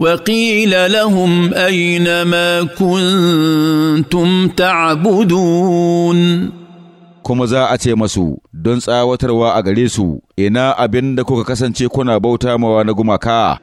وقيل lahum اين ما كنتم تعبدون kuma za a ce masu don tsawatarwa a gare su ina abin da kuka kasance kuna bauta mawa na gumaka